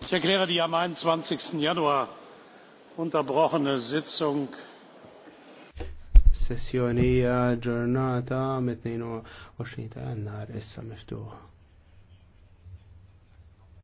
ich erkläre die am. 21. januar unterbrochene sitzung Sessione Giornata mit-22 ta' jannar issa